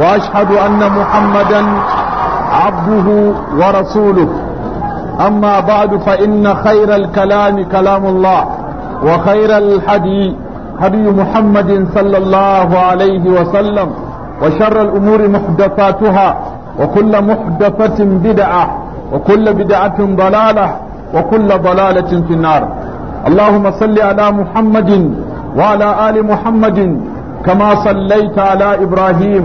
واشهد ان محمدا عبده ورسوله اما بعد فان خير الكلام كلام الله وخير الحدي حدي محمد صلى الله عليه وسلم وشر الامور محدثاتها وكل محدثه بدعه وكل بدعه ضلاله وكل ضلاله في النار اللهم صل على محمد وعلى ال محمد كما صليت على ابراهيم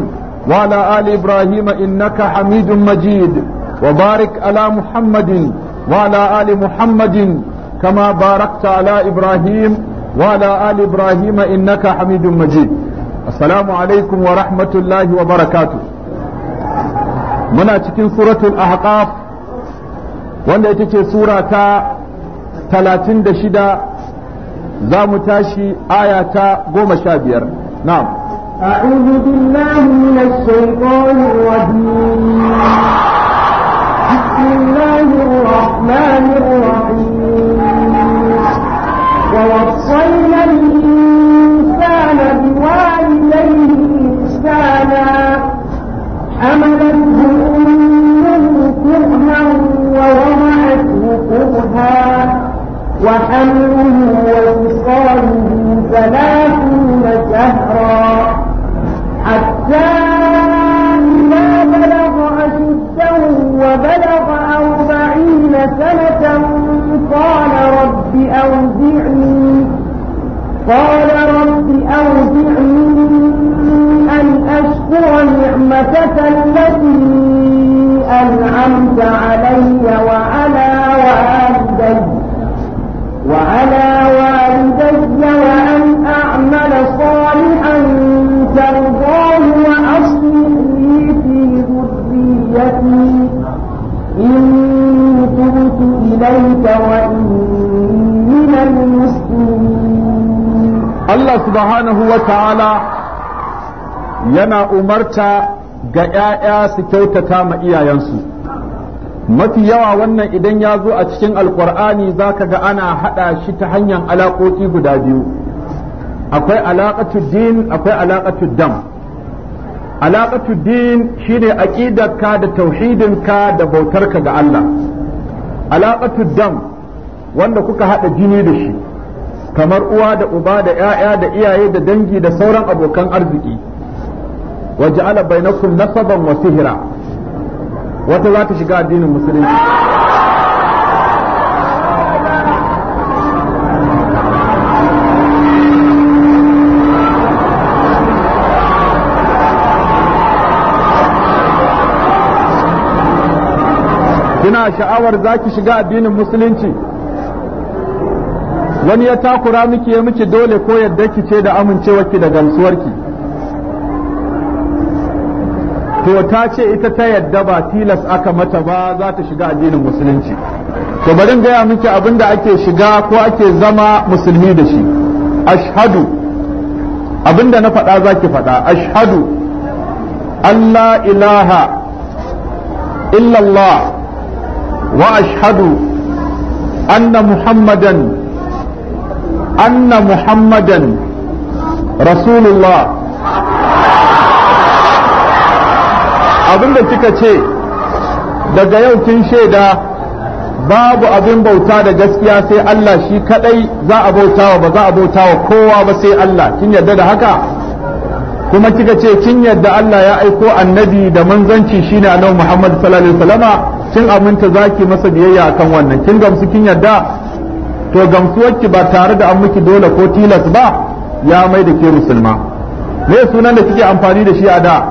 وعلى آل إبراهيم إنك حميد مجيد وبارك على محمد وعلى آل محمد كما باركت على إبراهيم وعلى آل إبراهيم إنك حميد مجيد السلام عليكم ورحمة الله وبركاته muna cikin suratul ahqaf wanda ita ce sura ta talatin da shida za mu tashi aya ta goma sha biyar na'am أعوذ بالله من الشيطان الرجيم بسم الله الرحمن الرحيم ووصينا الإنسان بوالديه إحسانا حملته أمه كرها ووضعته كرها وحمله وفصاله ثلاثون شهرا سنة قال رب أوزعني قال رب أوزعني أن أشكر نعمتك التي أنعمت علي وعلى Allah subhanahu wa ta'ala yana umarta ga ‘ya'ya su kyautata ma iyayensu mafi yawa wannan idan ya zo a cikin alkur'ani za ka ga ana haɗa shi ta hanyar alaƙoƙi guda biyu akwai alaƙatu din akwai alaƙatu dam alaƙatu din shine aƙidarka da tauhidinka da bautarka ga Allah alaƙatu dam wanda kuka haɗa jini da shi kamar uwa da uba da ‘ya'ya da iyaye da dangi da sauran abokan arziki wa ja'ala bainakum nasaban wa sihira wata za ta shiga addinin musulunci kina sha'awar za ki shiga addinin musulunci wani ya takura miki ya miki dole ko yadda ki ce da amincewa ki da gamsuwarki to ta ce ita ta yadda ba tilas aka mata ba za ta shiga addinin musulunci to bari gaya miki abin da ake shiga ko ake zama musulmi da shi ashhadu abin da na faɗa za ki faɗa ashhadu Allah ilaha illallah wa ashhadu anna muhammadan anna muhammadan rasulullah abinda kika ce daga yau kin shaida babu abin bauta da gaskiya sai Allah shi kadai za a bauta wa ba za a bauta wa kowa ba sai Allah kin yarda da haka kuma kika ce kin yarda Allah ya aiko annabi da manzanci shine annabi Muhammad sallallahu alaihi wasallama kin aminta zaki masa biyayya akan wannan kin gamsu kin yarda to gamsuwar ki ba tare da an miki dole ko tilas ba ya mai da ke musulma me sunan da kike amfani da shi a da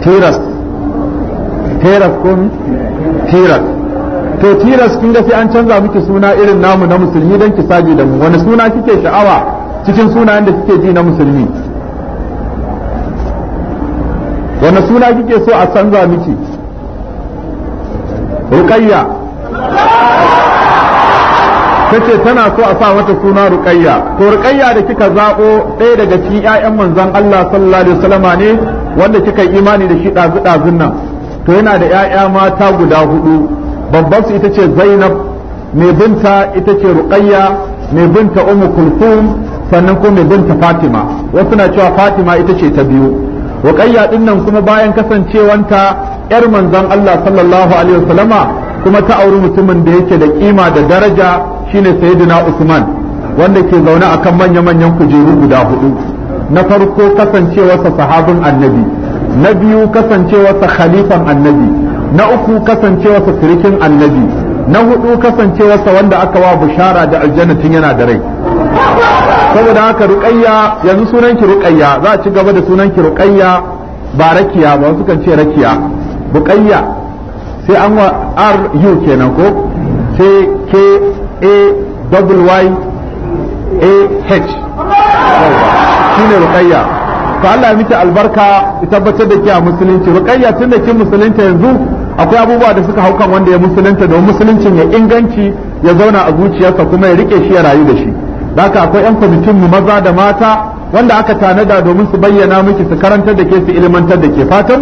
tiras tilas kun tiras to tiras kin ga sai an canza miki suna irin namu na musulmi dan ki saje da mu wani suna kike sha'awa cikin sunayen da kike ji na musulmi wani suna kike so a canza miki ruqayya tace tana so a sa mata suna ruqayya to ruqayya da kika zaɓo ɗaya daga cikin ƴaƴan manzon Allah sallallahu alaihi wasallama ne wanda kika yi imani da shi ɗazu ɗazun nan to yana da ƴaƴa mata guda hudu babbar su ita ce Zainab mai binta ita ce ruqayya mai binta Ummu Kulthum sannan kuma mai binta Fatima wasu na cewa Fatima ita ce ta biyu ruqayya din nan kuma bayan kasancewanta ƴar manzon Allah sallallahu alaihi wasallama kuma ta auri mutumin da yake da kima da daraja shine sayyidina Usman wanda ke zaune akan manya-manyan kujeru guda hudu na farko kasancewarsa sahabin annabi na biyu kasancewarsa khalifan annabi na uku kasancewarsa sirikin annabi na hudu kasancewarsa wanda aka wa bushara da aljanna tun yana da rai saboda haka ruqayya yanzu sunan ki ruqayya za a ci gaba da sunan ki ruqayya ba rakiya ba wasu kan ce rakiya buqayya sai an wa ru kenan ko sai ke double y a h shine ruqayya to Allah ya miki albarka ya tabbatar da ke a musulunci ruqayya tun da kin musulunta yanzu akwai abubuwa da suka haukan wanda ya musulunta domin musuluncin ya inganci ya zauna a zuciyarsa kuma ya rike shi ya rayu da shi haka akwai yan kwamitin mu maza da mata wanda aka tanada domin su bayyana miki su karantar da ke su ilmantar da ke fatan